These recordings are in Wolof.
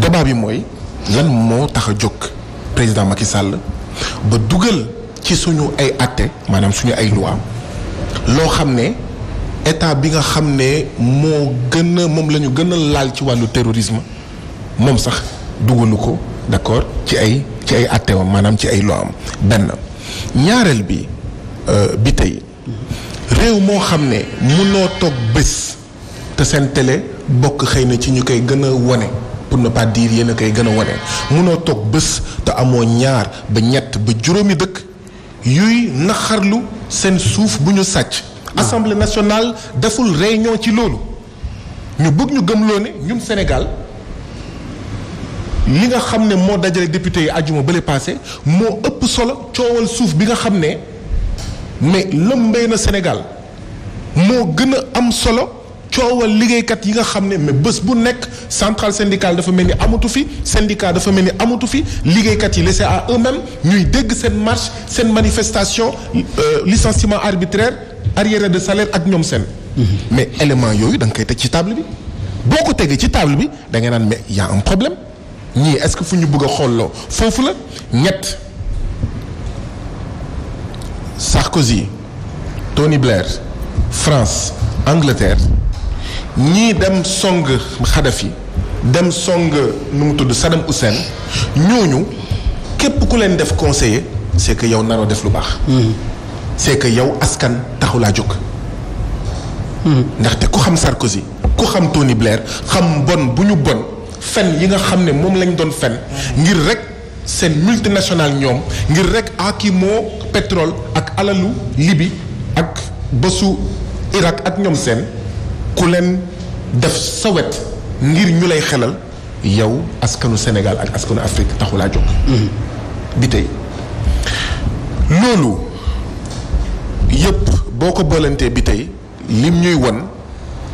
débat bi mooy lan moo tax a jóg président Macky Sall ba dugal ci suñu ay acte maanaam suñu ay loi loo xam ne état bi nga xam ne moo gën a moom la ñu gën a laal ci wàllu terrorisme moom sax dugalu ko d'accord ci ay ci ay attewam maanaam ci ay loo am benn ñaareel bi euh, bi tey réew moo xam ne mënoo toog bés te seen télé bokk xëy na ci ñu koy gën a wone pour na pas dire yéen a koy gën a wane munoo toog bés te amoon ñaar ba ñett ba juróomi dëkk yuy naxarlu seen suuf bu ñu sàcc. Ah. assemblée nationale deful réunion ci loolu ñu bëgg ñu gëm loo ne ñun senegal li nga xam ne moo dajale député yi àjjuma bële paase moo ëpp solo coowal suuf bi nga xam ne mais lëmbee na senegal moo gën a am solo. coowal liggéeykat yi nga xam ne mais bés bu nekk centrale syndicale dafa mel ni amatu fi syndicat dafa mel ni amatu fi liggéeykat yi laissés à eux-mêmes ñuy dégg seen marche seen manifestation euh, licenciement arbitraire arriéré de salaire ak ñoom seen. Mhm. mais élément yooyu danga nga koy teg ci table bi boo ko tegee ci table bi da nga naan mais y a un problème ñii est que fu ñu bëgg a xooloo foofu la ñett Sarkozy Tony Blair France Angleterre. ñii dem song Xadafi dem song nu mu tudd Saddam Hussein ñooñu képp ku leen def conseiller c'est que yow naroo def lu baax. Hmm. c'est que yow askan taxulaa jóg. Hmm. ndaxte ku xam Sarkozy ku xam Tony Blair xam bon bu ñu bon fen yi nga xam ne moom lañ doon fen ngir rek seen multinational ñoom ngir rek aakimoo pétrole ak alalu libi ak bësu Irak ak ñoom seen. ku leen def sa ngir ñu lay xelal yow askanu Sénégal ak askanu Afrique taxulaa jóg. tey loolu yëpp boo ko bëlantee bi tey lim ñuy won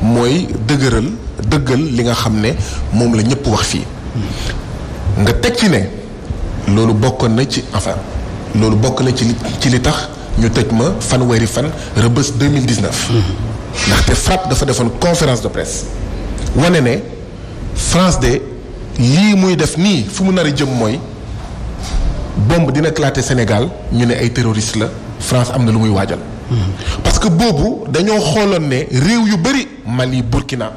mooy dëgëral dëggal li nga xam ne moom la ñëpp wax fii. nga teg ci ne loolu bokkoon na ci enfin loolu bokk na ci li ci li tax ñu tëj ma fanweeri fan rëbës 2019. ndaxte FRAPP dafa defoon conférence de presse wane ne France de lii muy def nii fu mu nar a jëm mooy bomb dina éclater Sénégal ñu ne ay terroriste la France am na lu muy waajal. Mm-hmm. parce que boobu dañoo xooloon ne réew yu bëri Mali Burkina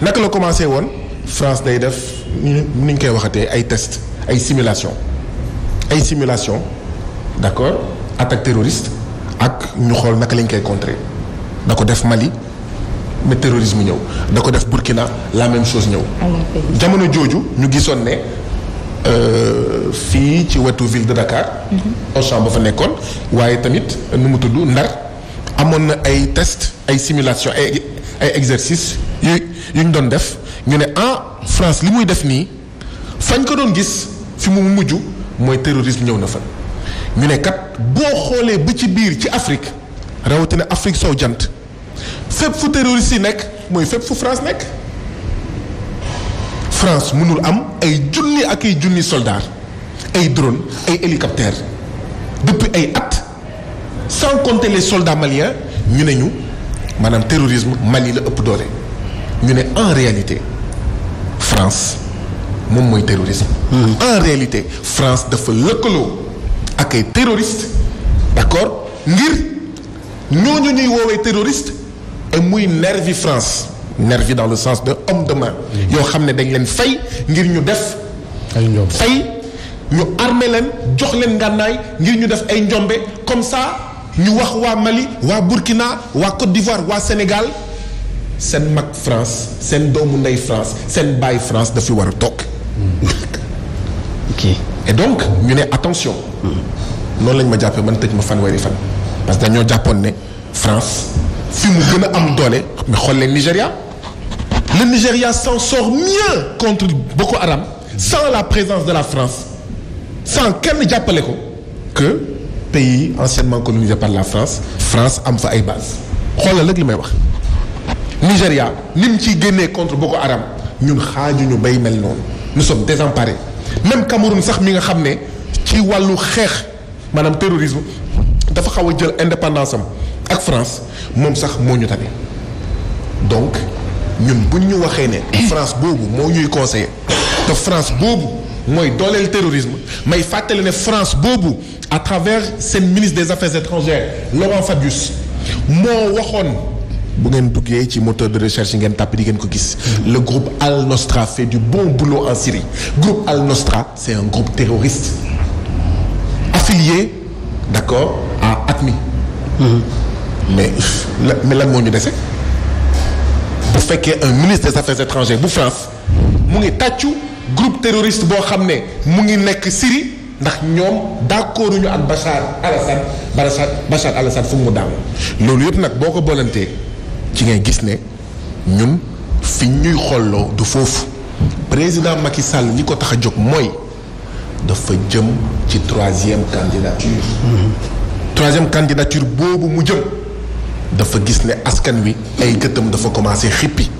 naka la commencé woon France day def ni ñu koy waxatee ay test ay simulation ay similation d'accord attaque terroriste ak ñu xool naka lañ koy contrer. da ko def Mali ne terrorisme ñëw da ko def Burkina la même chose ñëw. jamono jooju ñu gisoon ne euh, fii ci wetu ville de Dakar. Mhm. Auchan ba fa nekkoon waaye tamit nu mu tudd Ndar amoon na ay test ay simulation ay ay exercice yu yu ñu doon def ñu ne ah France li muy def nii fañ ko doon gis fi mu mujj mooy terrorisme ñëw na fa ñu ne kat boo xoolee ba ci biir ci Afrique rawatina Afrique sow jant. fépp fu terroriste yi nekk mooy fépp fu France nekk France mënul am ay junni ak ay junni soldats ay drone ay hélicoptère depuis ay at sans compter les soldats maliens ñu ne ñu maanaam terrorisme yi la ëpp doole ñu ne en réalité France moom mooy terrorisme. Hmm. en réalité France dafa lëkkaloo ak ay terroristes d'accord ngir ñooñu ñuy woowee terroriste et muy nervi France nervi dans le sens de homme de yoo xam ne dañ leen fay ngir ñu def. ay njombe fay ñu armé leen jox leen ngànnaay ngir ñu def ay njombe comme ça ñu wax waa Mali waa Burkina waa Côte d'Ivoire waa Sénégal seen mag France seen doomu ndey France seen baay France dafi war a toog. ok et donc ñu ne attention. Hmm. noonu lañ ma jàppee man tëj ma fanweeri fan. parce que dañoo jàppoon ne France. fi mu gën a am doole mais xool leen Nigéria le Nigéria s'en sort mieux contre Boko Haram sans la présence de la France san kenn jàppale ko que pays anciennement colonisé par la France France am fa ay base xoolal rek li may wax Nigéria ni mu ciy génnee contre Boko Haram ñun xaajuñu bay mel noonu nous sommes désemparés même Cameroun sax mi nga xam ne ci wàllu xeex maanaam terrorisme dafa xaw a jël indépendance am ak France moom sax moo ñu tabi donc ñun buñ ñu waxee ne. France boobu moo ñuy conseiller te France boobu mooy dooleel terrorisme may fàttali ne France boobu à travers seen ministre des affaires étrangères Laurent Fabius moo waxoon. bu ngeen duggee ci moteur de recherche yi ngeen tàpp di ngeen ko gis. le groupe Al Nostra fait du bon boulot en Syrie groupe Al Nostra c'est un groupe terroriste affilié d'accord à ATMI. mais mais lan moo ñu dese bu fekkee un ministre des affaires étrangères bu France mu ngi tàccu groupe teroriste boo xam ne mu ngi nekk Syrie ndax ñoom d'accord ñu ak Bachar al-Assad Bachar Bachar al-Assad fu mu daaw loolu yëpp nag boo ko boolantee ci ngay gis ne ñun fi ñuy xolloo du foofu président Macky Sall li ko tax a jóg mooy dafa jëm ci troisième candidature. Mm-hmm. troisième candidature boobu mu jëm. dafa gis ne askan wi ay gëtam dafa commencé xippi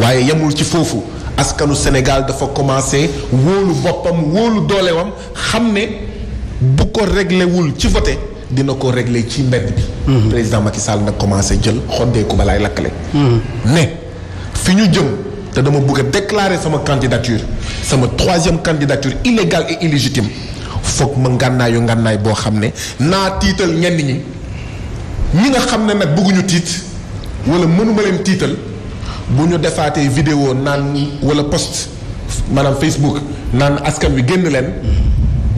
waaye yamul ci foofu askanu Sénégal dafa commencé wóolu boppam wóolu doolewam xam ne bu ko réglé wul ci voté dina ko réglé ci mbedd bi. Mhm. président Macky Sall nag commencé jël xoddeeku balaay lakkale. Mhm. ne fi ñu jëm te dama bëgg a déclarer sama candidature sama troisième candidature illégale et illégitime foog ma ngànnaayu ngànnaay boo xam ne naa tiital ñenn ñi. ñi nga xam ne nag bëgguñu tiit wala mënuma leen tiital bu ñu defaatee vidéo naan wala post maanaam Facebook naan askan wi génn leen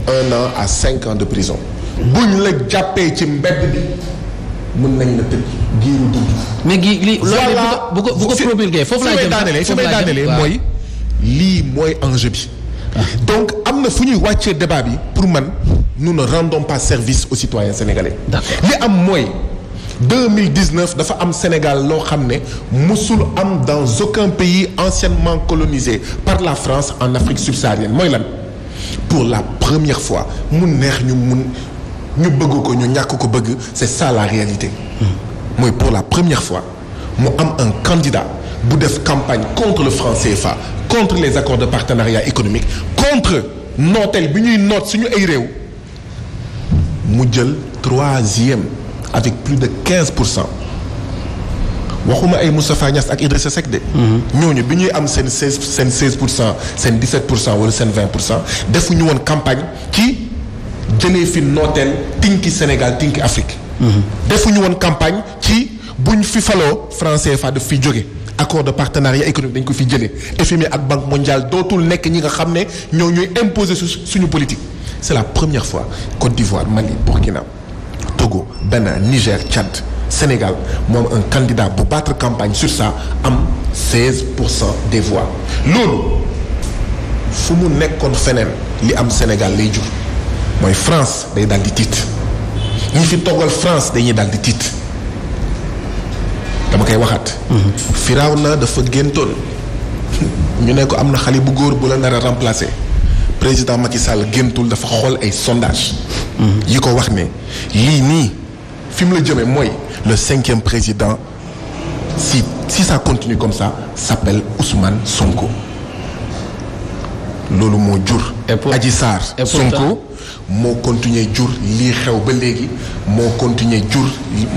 un an à cinq ans de prison buñ la jàppee ci mbedd bi mën nañ la tëj giiru dund. bu ko bu ko foofu laa jëm may daanelee mooy lii mooy enjeu bi. donc am na fu ñuy wàccee débat yi pour man nous ne rendons pas service aux citoyens sénégalais. d'accord li am mooy. deux mille dix neuf dafa am Sénégal loo xam ne mosul am dans aucun pays anciennement colonisé par la France en Afrique subsaharienne mooy lan pour la première fois mu neex ñu mun ñu bëgg ko ñu ñàkk ko bëgg c'est ça la réalité. mooy pour la première fois mu am un candidat bu def campagne contre le franc CFA contre les accords de partenariat économique contre nooteel bi ñuy noot suñu ay réew mu jël troisième. avec plus de 15 pour cent waxuma ay Moustapha Niass ak Idrissa Seck de. ñooñu bi ñuy am seen 16 seen 16 pour cent seen 17 pour cent wala seen 20 pour cent defuñu woon campagne ci jëlee fi nooteel tinki Sénégal tinki Afrique. defuñu woon campagne ci buñ fi faloo franc CFA daf fi jóge accord de partenariat économique dañ ko fi jëlee FMI ak Banque mondiale dootul nekk ñi nga xam ne ñoo ñuy imposer suñu politique. c'est la première fois Côte d'Ivoire Mali Burkina. benn Bénin Niger Tchad Sénégal moom un candidat bu battre campagne sur sa am 16 pour cent des voix loolu fu mu nekkoon feneen li am Sénégal lay jur mooy France day daal di tiit ñi fi toggal France dañuy daal di tiit dama koy waxaat. Mhm. Firawna dafa géntoon ñu ne am na xale bu góor bu la nar a président Macky Sall géntul dafa xool ay sondage mhm. yi ko wax ne lii nii fi mu la jëmee mooy le cinquième président si si ça continue comme ça s'appelle Ousmane Sonko loolu moo jur. Adji Sarr Sonko moo continuer jur lii xew ba léegi moo continuer jur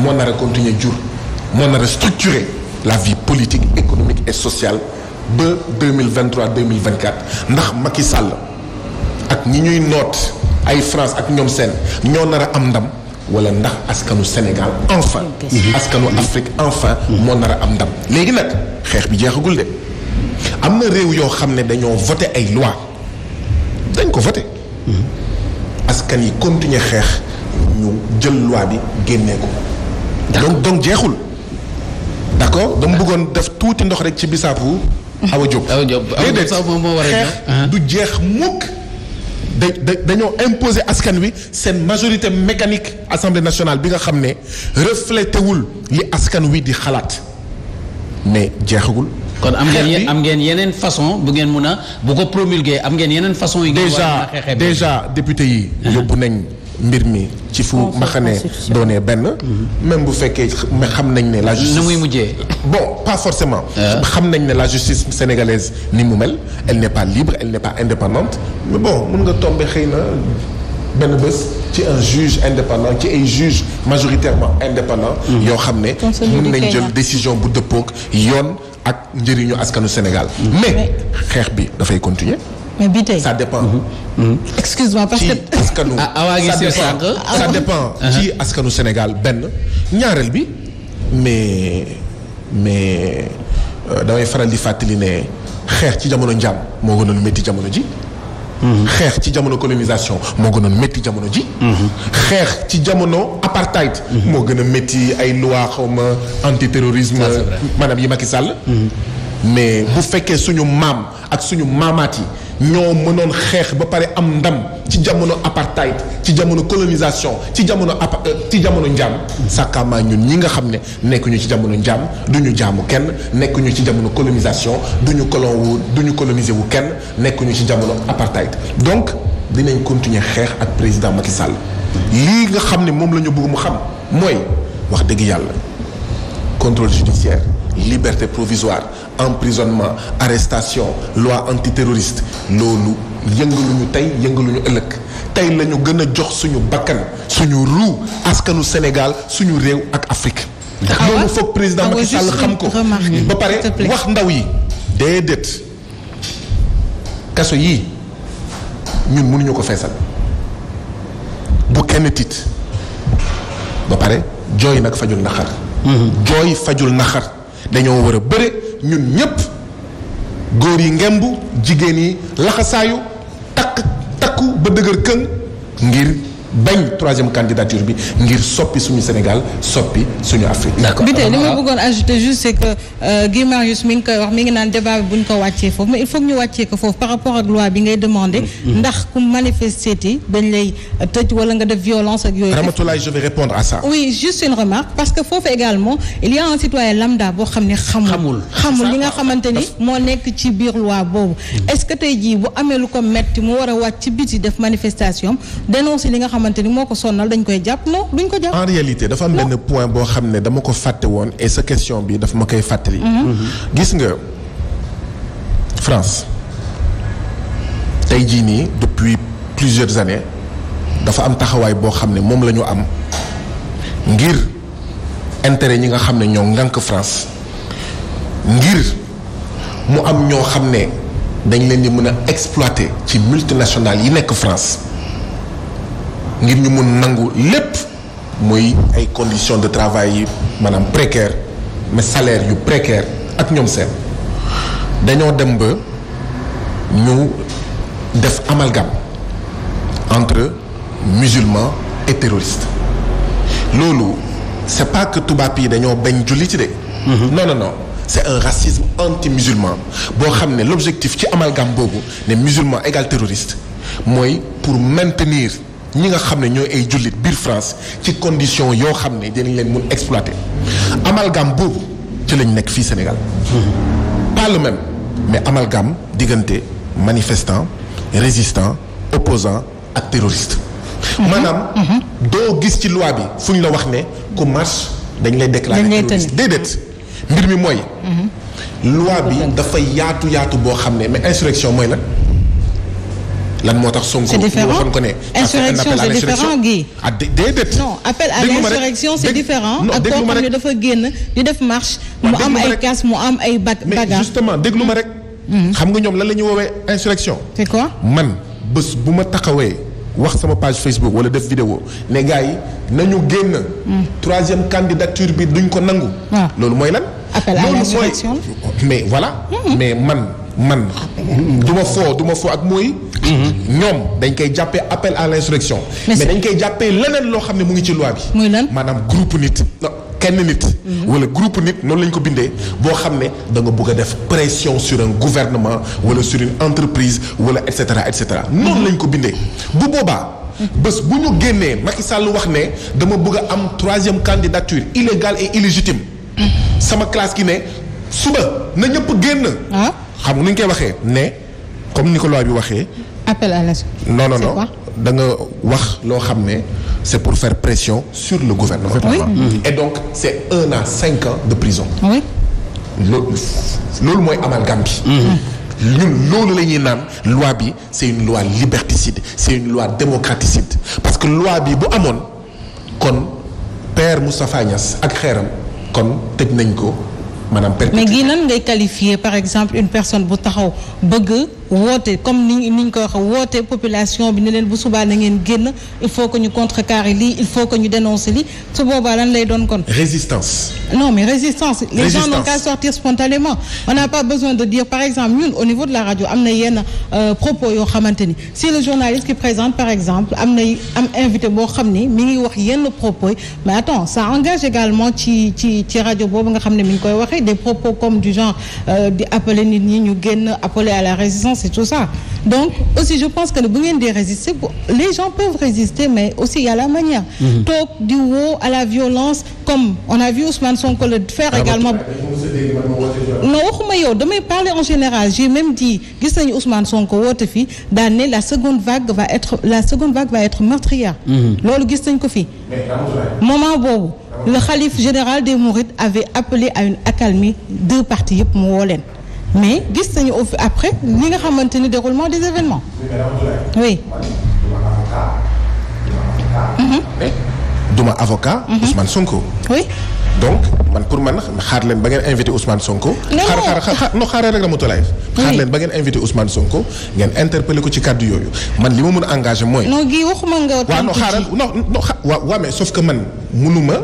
moo nar a continuer jur moo nar structurer la vie politique économique et sociale ba deux mille vingt trois mille vingt quatre ndax Macky Sall. ak ñi ñuy noot ay France ak ñoom seen ñoo nar a am ndam wala ndax askanu Sénégal enfin askanu Afrique enfin moo nar a am ndam léegi nag xeex bi jeexagul de am na réew yoo xam ne dañoo voté ay loi dañ ko voté askan yi continuer xeex ñu jël loi bi génnee ko donc donc jeexul d'accord dama bëggoon def tuuti ndox rek ci bisaabu Awa Diop Awa Diop xeex du jeex mukk da dañoo imposer askan wi seen majorité mécanique assemblée nationale bi nga xam ne reflété wul li askan wi di xalaat mais jeexagul. kon am ngeen am ngeen yeneen façon bu ngeen mun a bu ko promulguer am ngeen yeneen façon yi. ngeen war a déjà déjà député yi. yóbbu nañ. mbir mi ci fu maxane doonee benn mm-hmm. même bu fekkee xam nañ ne la justice nu muy mujjee bon ah. xam nañ ne la justice sénégalaise ni mu mel elle n'est pas libre elle n'est pas indépendante mais bon mën nga tomber xëy na benn bés ci un juge indépendant ci ay juge majoritairement indépendant mm-hmm. yoo xam ne mën nañ jël décision bu dëppoog yoon ak njëriñu askanu Sénégal mm-hmm. mais xeex bi dafay continuer mais bi tey ça dépend. Mhm. Mhm. excuse-moi parce ci askanu ah, ça mhm. Sénégal benn ñaareel bi mais mais euh, damay faral di fàttali ne xeex ci jamono njaam moo gënoon métti jamono ji. xeex ci jamono colonisation moo gënoon métti jamono ji. xeex ci jamono apartheid. moo gën a métti ay loi xaw ma antiterrorisme. maanaam ma Macky Sall. mais bu fekkee suñu maam ak suñu maamaat yi ñoo mënoon xeex ba pare am ndam ci jamono apartheid ci jamono colonisation ci jamono apa euh, ci jamono njaam sàkkaamaa ñun ñi nga xam ne nekkuñu ci jamono njaam duñu jaamu kenn nekkuñu ci jamono colonisation duñu colon wu duñu coloniser wu kenn nekkuñu ci jamono apartheid donc dinañ continuer xeex ak président Macky Sall lii nga xam ne moom la ñu bëgg mu xam mooy wax dëgg yàlla contrôle judiciaire liberté provisoire emprisonnement arrestation loi antiterroriste loolu yëngaluñu tey yëngaluñu ëllëg tey lañu gën a jox suñu bakkan suñu ruu askanu Sénégal suñu réew ak Afrique. loolu président Macky ah Sall ah xam ko ba pare wax ndaw yi déedéet kaso yii ñun mënuñu ko feesal bu kenn tiit ba pare jooy nag fajul naxar. Mm-hmm. jooy fajul naxar. dañoo war a bëre ñun ñépp góor yi ngemb jigéen yi laxasaayu takk takku ba dëgër kën ngir bañ troisième candidature bi ngir soppi suñu Sénégal soppi suñu Afrique. d'accord bi tey li ma bëggoon ajouter juste c'est que euh, Guy Marius mi ngi koy wax mi ngi naan débat bi ko wàccee foofu mais il faut que ñu wàccee ko foofu par rapport ak loi bi ngay demandé. Mm-hmm. Mm-hmm. ndax ku manifester ti dañ euh, nga def violence yooyu. Ramatoulaye je vais répondre à ça. oui juste que foofu également il y a un citoyen lambda boo xam ne xamul. xamul li nga xamante ni moo nekk ci biir loi boobu. Mm-hmm. est-ce que tey jii bu amee lu ko metti mu war a wàcc ci biti def manifestation dénoncer li nga xam xamante ni moo ko sonnal dañ koy jàpp non duñ ko jàpp. en réalité dafa am benn point boo xam ne dama ko fàtte woon et sa question bi daf ma koy fàttali. Mhm. Mhm. gis nga France tey jii nii depuis plusieurs années dafa am taxawaay boo xam ne moom la ñu am ngir intérêt ñi nga xam ne ñoo ngànk France ngir mu am ñoo xam ne dañ leen di mën a exploité ci multinationales yi nekk France. ngir ñu mun nangu lépp muy ay conditions de travail yi maanaam précaire mais salaire yu précaire ak ñoom seen dañoo dem ba ñu def amalgam entre musulmans et terroristes loolu c'est pas tubaab yi dañoo bañ julli ci de. Mhm. non non non c'est un racisme anti-musulman boo xam ne l'objectif ci amalgam boobu ne musulman égal terroriste mooy pour maintenir. ñi nga xam ne ñooy ay jullit biir France ci condition yoo xam ne dinañ leen mun exploiter amalgame boobu ci lañ nekk fii Sénégal pas le même mais amalgame diggante manifestant résistant opposant ak terroriste mhm. maanaam mhm. doo gis ci loi bi fu ñu la wax ne ku marche dañ lay déclarer terroriste déedéet mbir mi mooy mhm. loi bi dafa yaatu yaatu boo xam ne mais insurrection mooy lan lan moo tax Sonko. c'est différent ko ne. insurrection c'est différent Guy. ah déedéet. non appel à l'insurrection c'est différent. ak koo xam ne dafa génn di def marche. mu am ay casse mu am ay bag bagage mais justement déglu ma rek. Hmm. xam nga ñoom lan la ñuy woowee insurrection. c'est quoi man bés bu ma taxawee wax sama page Facebook wala def vidéo ne gars yi nañu génn. Hmm. troisième candidature bi duñ ko nangu. Ah. loolu mooy lan. appel à l'insurrection mais voilà. Hmm. mais man man. Ah, du ma foo du ma foo ak mooy. Mm-hmm. ñoom dañ koy jàppee appel à l'insurrection mais dañ koy jàppee leneen loo xam ne mu ngi ci loi bi. muy lan maanaam groupe nit. kenn nit. Mm-hmm. wala groupe nit noonu lañ ko bindee boo xam ne da bëgg a def pression sur un gouvernement wala sur une entreprise wala et cetera et cetera. Mm-hmm. noonu lañ ko bindee bu boobaa. bés bu ñu génnee Macky lu wax ne dama bëgg a am troisième candidature illégale et illégitime. sama classe gi ne suba na ñëpp génn. Ah. xam nga nu ñu koy waxee ne comme ni ko loi bi waxee. appel no la danga wax loo xam ne c'est pour faire pression sur le gouvernement. Oui. Mmh. et donc c'est un à cinq ans de prison. loolu mooy amalgame bi. Mmh. loolu la ñuy naan loi bi c'est une loi liberticide c'est une loi démocraticide parce que loi bi bu amoon kon père Moustapha Niass ak xeeram kon tëj nañ ko maanaam. perpétuité mais gi nan ngay qualifier par exemple une personne bu taxaw bëgg. woote comme ni ni ñu ko wax woote population bi ne leen bu subaa na ngeen génn il faut que ñu contrecarrer lii il faut que ñu dénoncer lii su boobaa lay doon kon. résistance. non mais résistance. les résistance. gens n'ont qu'à sortir spontanément on n'a pas besoin de dire par exemple ñun au niveau de la radio am na yenn euh, propos yoo xamante ni si le journaliste qui présente par exemple am na am invité boo xam ni mi ngi wax yenn propos yi mais attends ça engage également ci ci ci rajo nga xam ne mi ngi koy waxee des propos comme du genre euh, di appeler nit ñi ñu génn appeler à la résistance. violence et tout ça donc aussi je pense que ne bu ngeen di résister les gens peuvent résister mais aussi il y a la manière toog di woo à la violence comme on a vu Ousmane Sonko le faire ah, également non waxuma yow damay parler en général j'ai même dit gis nañu Ousmane Sonko woote fi daan la seconde vague va être va être meurtrière mhm. loolu gis nañ ko fi moment boobu le khalife général des Mourides avait appelé à une accalmie deux parties yëpp mu woo leen mais gis nañu au après li nga xamante ni déroulement des événements. oui. Mm-hmm. duma avocat. Mm-hmm. Ousmane Sonko. donc man pour man xaar leen ba ngeen invité Ousmane Sonko. xaar xaar xaar non xaaree rek leen ba ngeen invité Ousmane Sonko ngeen interpellé ko ci kàddu yooyu man li ma mën a engagé mooy. non gii waxuma nga. waaw non xaaral non non xa waaw mais sauf que man mënuma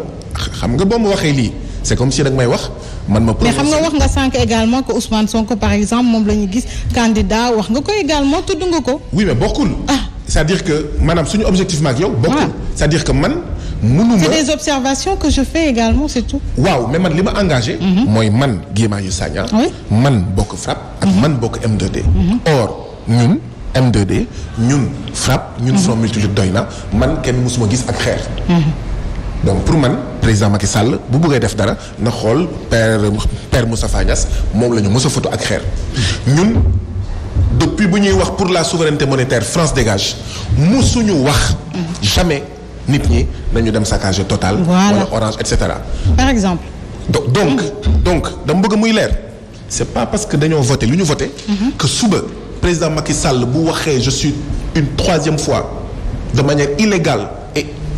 xam nga boo ma waxee lii. c'est comme si da nga may wax man ma. mais xam nga wax nga sànq également que Ousmane Sonko par exemple moom la ñu gis candidat wax nga ko également tudd nga ko. oui mais bokkul. ah c'est-à-dire que maanaam suñu objectif ma ak yow. bokkul ah. c'est-à-dire que man. mënuma c'est des observations que je fais également man li ma engagé. Mhm. mooy man Guy Marius Sagna. man bokk FRAPP. ak mhm. man bokk M2D. Mhm. or ñun. M2D ñun FRAPP ñun Front Multitude doy na man kenn mësuma gis ak xeer. donc pour man président Macky Sall bu bëggee def dara na xool père père Moustapha Niass moom la ñu mos a foto ak xeer ñun depuis bu ñuy wax pour la souveraineté monétaire France dégage musuñu wax jamais nit ñi nañu dem saccage totale wala Orange et cetera par exemple donc donc donc dama bëgg muy leer c'est pas parce que dañoo voté lu ñu voté mhm. que suba président Macky Sall bu waxee je suis une troisième fois de manière illégale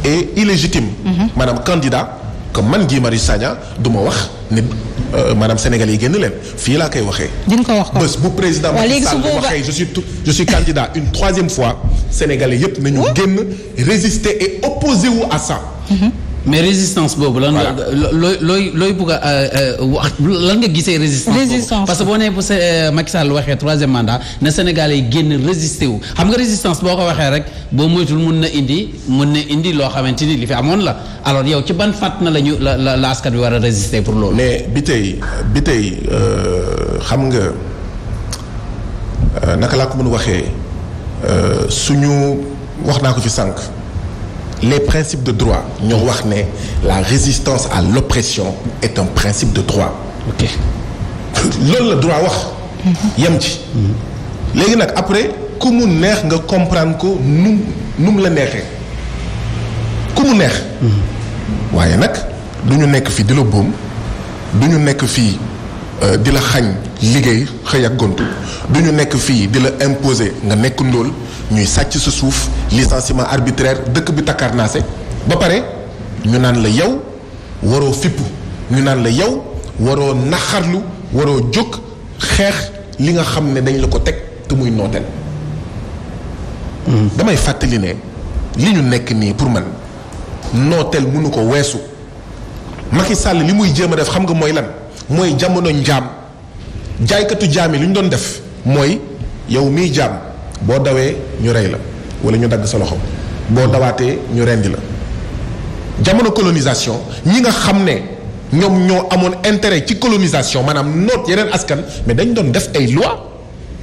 est illégitime. Mhm. maanaam candidat que man ji Marius Sagna du ma wax ne euh, maanaam Sénégal yi génn leen fii laa koy waxee. dina ko wax bu président Macky Sall waxee je suis je suis candidat une troisième fois sénégalais yépp nañu génn résister et opposer wu à ça. Mhm. mais résistance boobu lan nga looy looy looy bugg lan nga gisee résistance parce que boo nee bu euh, Macky Sall waxee troisième mandat na Sénégalais génn résister wu xam nga résistance boo ko waxee rek boo moytul mun na indi mun na indi loo xamante ni li fi amoon la alors yow ci ban fàtt na la ñu la la askan bi war a résister pour loolu mais bi tey bi tey euh, xam nga euh, naka laa ko mën waxee suñu wax naa ko fi sànq les principes de droit ñoo wax ne la résistance à l'oppression est un principe de droit. ok la droit wax. Mhm. yem ci. léegi nag après ku mu neex nga comprendre ko nu nu la neexee ku mu neex. Mhm. waaye nag du ñu nekk fii di la boom du ñu nekk fii euh, di la xañ liggéey xëy ak gontu. du ñu nekk fii di la imposer nga nekk ndóol ñuy sàcc sa suuf licenciement arbitraire dëkk bi takkarnaase ba pare ñu naan la yow waroo fippu ñu naan la yow waroo naxarlu waroo jóg xeex li nga xam ne dañ la ko teg te muy nooteel. Hmm. damay fàttali ne li ñu nekk nii pour man nooteel mënu ko weesu. Macky Sall li muy jéem a def xam nga mooy lan mooy jamono njaam jaaykatu jaam yi li ñu doon def mooy yow mii jaam boo dawee ñu rey la wala ñu dagg sa loxo boo dawaatee ñu rendi la jamono colonisation ñi nga xam ne ñoom ñoo amoon intérêt ci colonisation maanaam noot yeneen askan mais dañ doon def ay loi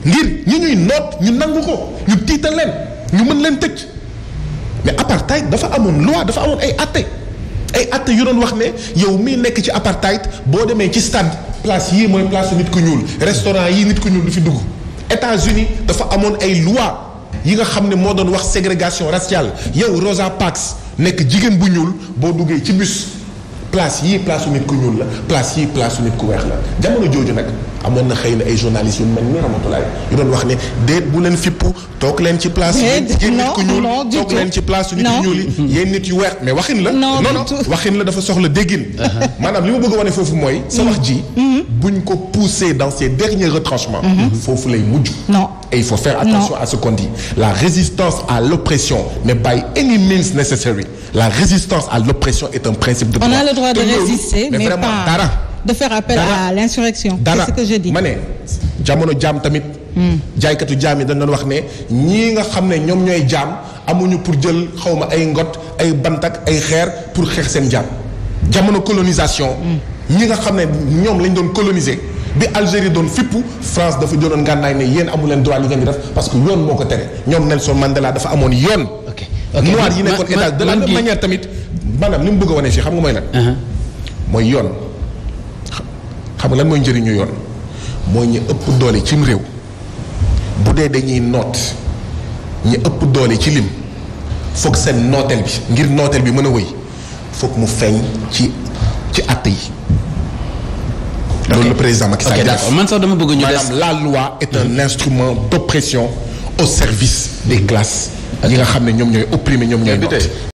ngir ñi ñuy noot ñu nangu ko ñu tiital leen ñu mën leen tëj mais apartheid dafa amoon loi dafa amoon ay atte ay att yu doon wax ne yow mii nekk ci apartheid boo demee ci stade place yii mooy place nit ku ñuul restaurant yii nit ku ñuul du fi dugg États-Unis dafa amoon ay loi yi nga xam ne moo doon wax ségrégation raciale yow Rosa Parks nekk jigéen bu ñuul boo duggee ci bus place yii place nit ku ñuul la place yii place nit ku weex la jamono jooju nag amoon na xëy na ay journalistes yu mel wax ne déet bu leen fippu toog leen ci place. nit ku ñuul toog leen ci place nit ku ñuul yi. yéen nit yu weex mais waxin la. non non waxin la dafa soxla déggin. Uh-huh. maanaam li ma bëgg a wane foofu mooy. sa mm. wax ji. Mm-hmm. buñ ko pousser dans ses derniers retranchements. Mm-hmm. foofu lay mujj. et il faut faire attention à ce qu'on la résistance à l'oppression la résistance à l'oppression est un principe de droit. a le droit de résister mais pas dara de faire appel à l'insurrection c'est ce que je dis ma ne jamono jaam tamit hmm. jaaykatu jaam yi dañ doon wax ne ñii nga xam ne ñoom ñooy jaam amuñu pour jël xawma ay ngot ay bantak ay xeer pour xeex seen jaam jamono colonisation hmm. ñi nga xam ne ñoom lañ doon coloniser bi Algérie doon fippu France dafa jëloon ngànnaay ne yéen amu leen droit li ngeen di def parce que yoon moo ko tere ñoom Nelson Mandela dafa amoon yoon noir yi nekkoon état de la même manière tamit maanaam ni mu bëgg a wane si xam nga mooy lan. Uh-huh. mooy yoon xam nga lan mooy njëriñu yoon mooy ñu ëpp doole cim réew bu dee dañuy noot ñu ëpp doole ci lim foog seen nooteel bi ngir nooteel bi mën a wëy foog mu feeñ ci ci àtt yi. loolu le président Macky Sall def man sax dama bëgg ñu des maanaam la loi est un mm-hmm. instrument d'oppression au service des classes. ak ñi nga xam ne ñoom ñooy opprimé ñoom ñooy noot